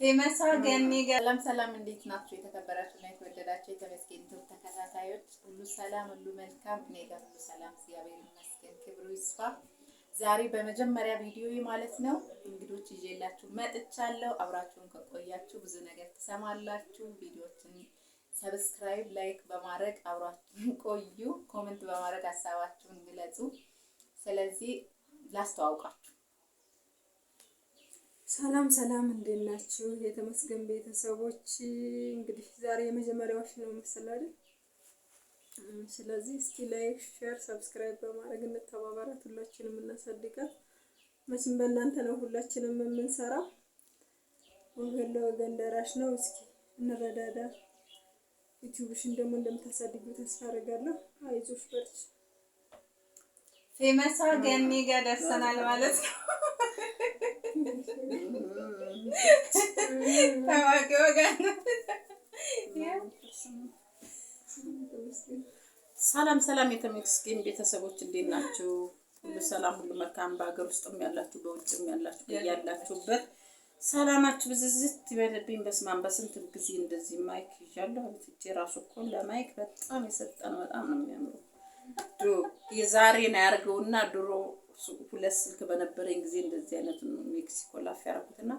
ፌመሳ ገኒ ሰላም ሰላም፣ እንዴት ናችሁ? የተከበራችሁ እና የተወደዳችሁ የተመስገን ቲዩብ ተከታታዮች ሁሉ ሰላም፣ ሁሉ መልካም፣ እኔ ጋር ሁሉ ሰላም፣ እግዚአብሔር ይመስገን፣ ክብሩ ይስፋ። ዛሬ በመጀመሪያ ቪዲዮ ማለት ነው እንግዶች ይዤላችሁ መጥቻለሁ። አብራችሁን ከቆያችሁ ብዙ ነገር ትሰማላችሁ። ቪዲዮችን ሰብስክራይብ፣ ላይክ በማድረግ አብራችሁን ቆዩ። ኮሜንት በማድረግ ሀሳባችሁን ግለጹ። ስለዚህ ላስተዋውቃችሁ ሰላም ሰላም፣ እንዴት ናችሁ? የተመስገን ቤተሰቦች እንግዲህ ዛሬ የመጀመሪያዎች ነው መሰለኝ። ስለዚህ እስኪ ላይክ፣ ሼር፣ ሰብስክራይብ በማድረግ እንተባበራት። ሁላችንም እናሳድጋት። መቼም በእናንተ ነው ሁላችንም የምንሰራው። ወገን ለወገን ደራሽ ነው። እስኪ እንረዳዳ። ዩቲዩብሽን ደግሞ እንደምታሳድጉ ተስፋ አደርጋለሁ። አይዞሽ በርቺ። ፌመሳ ገኒ ጋር ደርሰናል ማለት ነው ታዋቂዋ ጋር mm. ሰላም ሰላም፣ የተመስገን ቤተሰቦች እንዴት ናችሁ? ሁሉ ሰላም፣ ሁሉ መልካም። በሀገር ውስጥም ያላችሁ በውጭም ያላችሁ ያላችሁበት ሰላማችሁ ብዝዝት ይበልብኝ። በስመ በስንት ጊዜ እንደዚህ ማይክ ይዣለሁ። አልፍቼ ራሱ እኮ ለማይክ በጣም የሰጠነው በጣም ነው የሚያምረው። የዛሬን አያርገውና ድሮ ሁለት ስልክ በነበረኝ ጊዜ እንደዚህ አይነት ሜክሲኮ ላፍ ያደረኩትና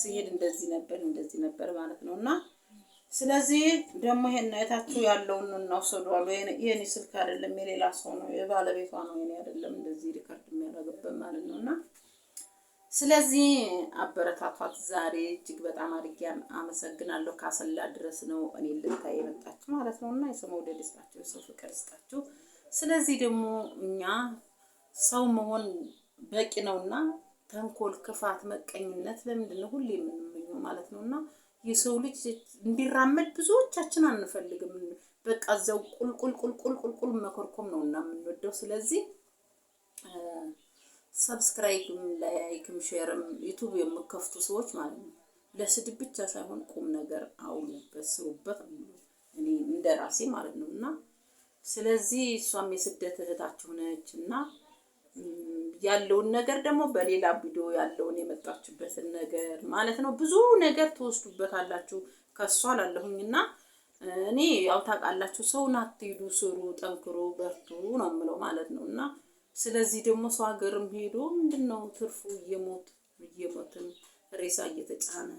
ስሄድ እንደዚህ ነበር እንደዚህ ነበር ማለት ነው። እና ስለዚህ ደግሞ ይሄን አይታችሁ ያለውን እናውሰዷሉ። አሉ። የኔ ስልክ አይደለም የሌላ ሰው ነው የባለቤቷ ነው የኔ አይደለም። እንደዚህ ሪከርድ የሚያደርግበት ማለት ነው እና ስለዚህ አበረታቷት። ዛሬ እጅግ በጣም አድርጌ አመሰግናለሁ። ካሰላ ድረስ ነው እኔ ልታይ የመጣችሁ ማለት ነው እና የሰው መውደድ ይስጣችሁ፣ የሰው ፍቅር ይስጣችሁ። ስለዚህ ደግሞ እኛ ሰው መሆን በቂ ነው እና ተንኮል፣ ክፋት፣ መቀኝነት ለምንድን ነው ሁሌ የምንመኘው ማለት ነው። እና የሰው ልጅ እንዲራመድ ብዙዎቻችን አንፈልግም። በቃ እዚያው ቁልቁልቁልቁልቁል መኮርኮም ነው እና የምንወደው። ስለዚህ ሰብስክራይብም፣ ላይክም፣ ሼርም ዩቱብ የምከፍቱ ሰዎች ማለት ነው ለስድብ ብቻ ሳይሆን ቁም ነገር አውሉበት፣ ስሩበት። እኔ እንደ ራሴ ማለት ነው እና ስለዚህ እሷም የስደት እህታችሁ ነች እና ያለውን ነገር ደግሞ በሌላ ቪዲዮ ያለውን የመጣችበትን ነገር ማለት ነው። ብዙ ነገር ትወስዱበታላችሁ ከሷ ላለሁኝ እና እኔ ያው ታውቃላችሁ፣ ሰውን አትሂዱ፣ ስሩ፣ ጠንክሮ በርቱ ነው የምለው ማለት ነው። እና ስለዚህ ደግሞ ሰው ሀገርም ሄዶ ምንድን ነው ትርፉ እየሞት እየሞትን ሬሳ እየተጫነ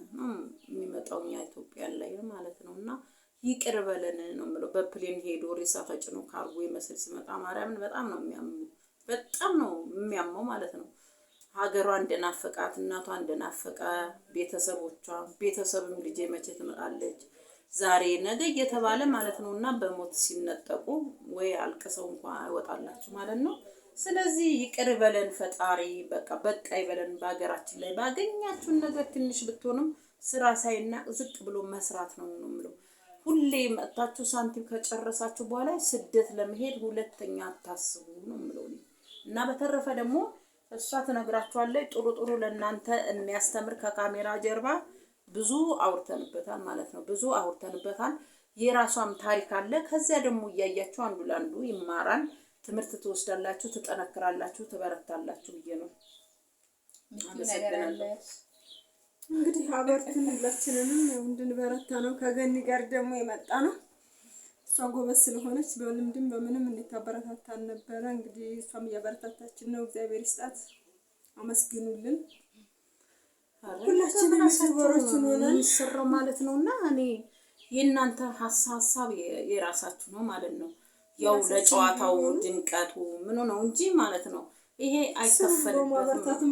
የሚመጣው እኛ ኢትዮጵያ ላይ ማለት ነው እና ይቅር በለን ነው የምለው። በፕሌን ሄዶ ሬሳ ተጭኖ ካርጎ የመስል ሲመጣ ማርያምን በጣም ነው የሚያምኑት። በጣም ነው የሚያመው ማለት ነው። ሀገሯ እንደናፈቃት እናቷ እንደናፈቃ ቤተሰቦቿ ቤተሰብም ልጄ መቼ ትመጣለች ዛሬ ነገ እየተባለ ማለት ነው እና በሞት ሲነጠቁ ወይ አልቅሰው እንኳ አይወጣላችሁ ማለት ነው። ስለዚህ ይቅር በለን ፈጣሪ፣ በቃ በቃ ይበለን። በሀገራችን ላይ ባገኛችሁን ነገር ትንሽ ብትሆንም ስራ ሳይናቅ ዝቅ ብሎ መስራት ነው ነው የምለው። ሁሌ መጥታችሁ ሳንቲም ከጨረሳችሁ በኋላ ስደት ለመሄድ ሁለተኛ አታስቡ ነው። እና በተረፈ ደግሞ እሷ ትነግራችኋለች ጥሩ ጥሩ ለእናንተ የሚያስተምር ከካሜራ ጀርባ ብዙ አውርተንበታል ማለት ነው። ብዙ አውርተንበታል። የራሷም ታሪክ አለ። ከዚያ ደግሞ እያያችሁ አንዱ ለአንዱ ይማራል፣ ትምህርት ትወስዳላችሁ፣ ትጠነክራላችሁ፣ ትበረታላችሁ ብዬ ነው። አመሰግናለሁ። እንግዲህ አበርቱን ሁላችንንም እንድንበረታ ነው። ከገኒ ጋር ደግሞ የመጣ ነው እሷ ጎበዝ ስለሆነች በልምድም በምንም እንድታበረታታን ነበረ። እንግዲህ እሷም እያበረታታችን ነው። እግዚአብሔር ይስጣት። አመስግኑልን። ሁላችንም ስሮች ሆነን ማለት ነው እና እኔ የእናንተ ሀሳብ የራሳችሁ ነው ማለት ነው። ያው ለጨዋታው ድምቀቱ ምኑ ነው እንጂ ማለት ነው ይሄ አይከፈልበትም፣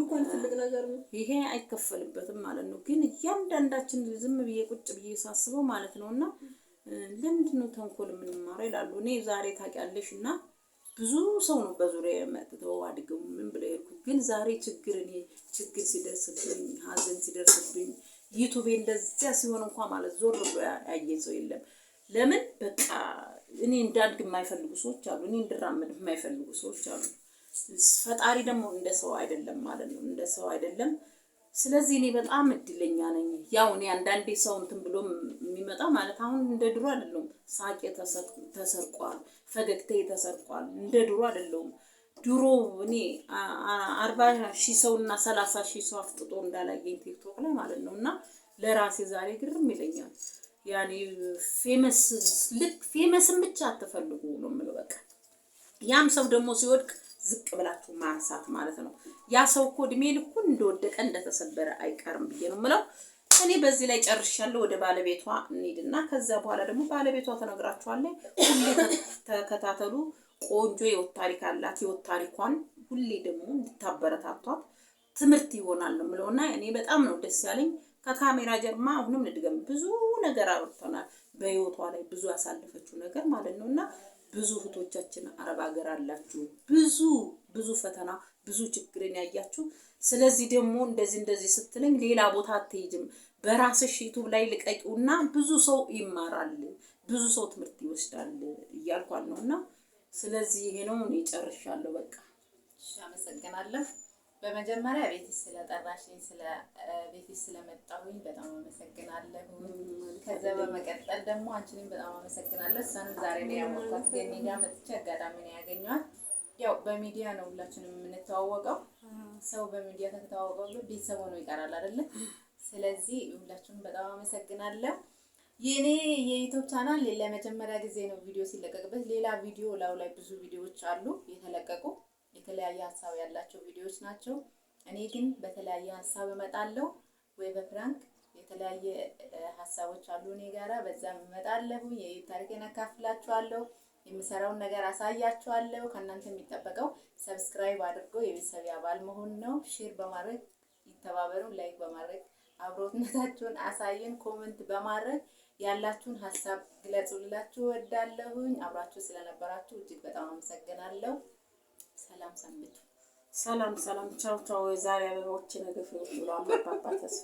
ይሄ አይከፈልበትም ማለት ነው። ግን እያንዳንዳችን ዝም ብዬ ቁጭ ብዬ ሳስበው ማለት ነው እና ለምንድን ነው ተንኮል የምንማረው ይላሉ። እኔ ዛሬ ታውቂያለሽ እና ብዙ ሰው ነው በዙሪያ መጥተው አድገው ምን ብለው የሄድኩት ግን ዛሬ ችግር እኔ ችግር ሲደርስብኝ ሀዘን ሲደርስብኝ ዩቱቤ እንደዚያ ሲሆን እንኳ ማለት ዞር ብሎ ያየኝ ሰው የለም። ለምን በቃ እኔ እንዳድግ የማይፈልጉ ሰዎች አሉ። እኔ እንድራመድ የማይፈልጉ ሰዎች አሉ። ፈጣሪ ደግሞ እንደ ሰው አይደለም ማለት ነው። እንደ ሰው አይደለም። ስለዚህ እኔ በጣም እድለኛ ነኝ። ያው እኔ አንዳንዴ ሰው እንትን ብሎ የሚመጣ ማለት አሁን እንደ ድሮ አይደለሁም። ሳቄ ተሰርቋል፣ ፈገግታዬ ተሰርቋል። እንደ ድሮ አይደለሁም። ድሮ እኔ አርባ ሺህ ሰው እና ሰላሳ ሺህ ሰው አፍጥጦ እንዳላየኝ ቲክቶክ ላይ ማለት ነው። እና ለራሴ ዛሬ ግርም ይለኛል። ያኔ ፌመስ ልክ ፌመስን ብቻ አትፈልጉ ነው የምለው። በቃ ያም ሰው ደግሞ ሲወድቅ ዝቅ ብላችሁ ማንሳት ማለት ነው። ያ ሰው እኮ እድሜ ልኩን እንደወደቀ እንደተሰበረ አይቀርም ብዬ ነው ምለው። እኔ በዚህ ላይ ጨርሻለሁ። ወደ ባለቤቷ እንሂድና ከዛ በኋላ ደግሞ ባለቤቷ ተነግራችኋለሁ። ሁሌ ተከታተሉ። ቆንጆ የወት ታሪክ አላት። የወት ታሪኳን ሁሌ ደግሞ እንድታበረታቷት ትምህርት ይሆናል ነው ምለውና እኔ በጣም ነው ደስ ያለኝ። ከካሜራ ጀርማ አሁንም ንድገም ብዙ ነገር አውርተናል። በህይወቷ ላይ ብዙ ያሳለፈችው ነገር ማለት ነው እና ብዙ እህቶቻችን አረብ ሀገር አላችሁ ብዙ ብዙ ፈተና ብዙ ችግርን ያያችሁ ስለዚህ ደግሞ እንደዚህ እንደዚህ ስትለኝ ሌላ ቦታ አትሄጅም፣ በራስሽ ዩቱብ ላይ ልቀቂውና ብዙ ሰው ይማራል፣ ብዙ ሰው ትምህርት ይወስዳል እያልኳል ነው እና ስለዚህ ይሄ ነው እኔ ጨርሻለሁ። በቃ እሺ፣ አመሰግናለሁ። በመጀመሪያ ቤት ስለጠራሽኝ ስለ ቤት ስለመጣሁኝ በጣም አመሰግናለሁ። ከዛ በመቀጠል ደግሞ አንቺንም በጣም አመሰግናለሁ። እሷንም ዛሬ ላይ ያመጣት የሚዲያ መጥቼ አጋጣሚ ነው ያገኘኋት። ያው በሚዲያ ነው ሁላችንም የምንተዋወቀው። ሰው በሚዲያ ከተተዋወቀው ቤተሰብ ሆኖ ይቀራል አይደለ? ስለዚህ ሁላችሁም በጣም አመሰግናለሁ። የኔ የዩቲዩብ ቻናል ለመጀመሪያ ጊዜ ነው ቪዲዮ ሲለቀቅበት። ሌላ ቪዲዮ ላው ላይ ብዙ ቪዲዮዎች አሉ የተለቀቁ የተለያየ ሀሳብ ያላቸው ቪዲዮዎች ናቸው። እኔ ግን በተለያየ ሀሳብ እመጣለሁ ወይ በፍራንክ የተለያየ ሀሳቦች አሉ እኔ ጋራ በዛም እመጣለሁ። ታሪክ እናካፍላችኋለሁ። የምሰራውን ነገር አሳያችኋለሁ። ከእናንተ የሚጠበቀው ሰብስክራይብ አድርጎ የቤተሰብ አባል መሆን ነው። ሼር በማድረግ ይተባበሩ። ላይክ በማድረግ አብሮትነታችሁን አሳየን። ኮመንት በማድረግ ያላችሁን ሀሳብ ግለጹላችሁ። ወዳለሁኝ አብራችሁ ስለነበራችሁ እጅግ በጣም አመሰግናለሁ። ሰላም ሰንብቱ። ሰላም ሰላም። ቻው ቻው። የዛሬ አበባዎች ነገ ፍሬዎች ብሎ ተስፋ